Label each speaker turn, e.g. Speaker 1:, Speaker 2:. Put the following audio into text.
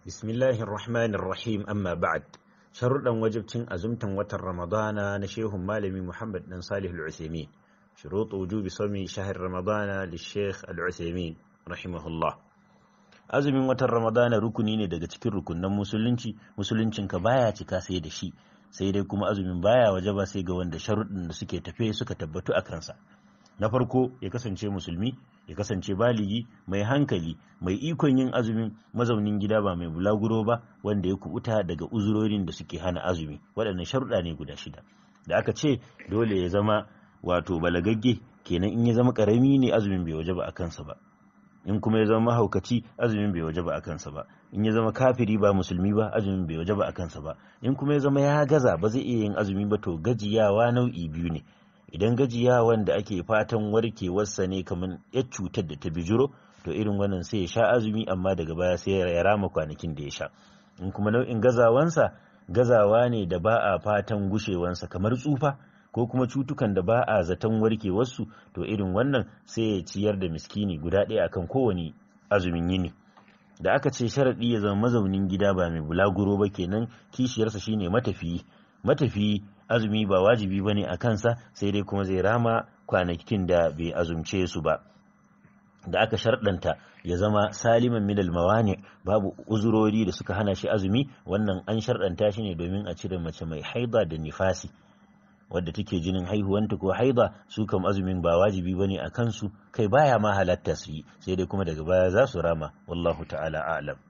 Speaker 1: Bismillahir Rahmanir Rahim amma ba'd. Sharuɗan wajibcin azumtan watan Ramadana na Shehun Malami Muhammad dan Salih Al-Uthaymeen. Shurutu wujubi sawmi shahr Ramadana li Sheikh Al-Uthaymeen rahimahullah. Azumin watan Ramadana rukuni ne daga cikin rukunan musulunci, musuluncinka baya cika sai da shi. Sai dai kuma azumin baya wajaba sai ga wanda sharuɗin da suke tafe suka tabbatu a kansa. na farko ya kasance musulmi ya kasance baligi mai hankali mai ikon yin azumin mazaunin gida ba mai bulaguro ba wanda ya kubuta daga uzurorin da suke hana azumi waɗannan sharuɗa ne guda shida da aka ce dole ya zama wato balagagge kenan in ya zama karami ne azumin bai waje ba a kansa ba in kuma ya zama mahaukaci azumin bai waje ba a kansa ba in ya zama kafiri ba musulmi ba azumin bai waje ba a kansa ba in kuma ya zama ya gaza ba zai iya yin azumi ba to gajiyawa nau'i biyu ne idan gajiya wanda ake fatan warkewarsa ne kamar ya cutar da ta bijiro to irin wannan sai ya sha azumi amma daga baya sai ya rama kwanakin da ya sha in kuma nau'in gazawansa gazawa ne da ba a fatan gushewansa kamar tsufa ko kuma cutukan da ba a zaton warkewarsu to irin wannan sai ya ciyar da miskini guda ɗaya akan kowane azumin yini da aka ce sharaɗi ya zama mazaunin gida ba mai bulaguro ba kenan kishiyarsa shine matafiyi matafi azumi ba wajibi ba ne a kansa sai dai kuma zai rama kwanakin da bai azumce su ba da aka sharɗanta ya zama saliman minal mawani babu uzurori da suka hana shi azumi wannan an sharɗanta shi ne domin a cire mace mai haida da nifasi wadda take jinin haihuwanta ko haida su kam azumin ba wajibi bane a kansu kai baya ma halatta su yi sai dai kuma daga baya za su rama wallahu ta'ala a'lam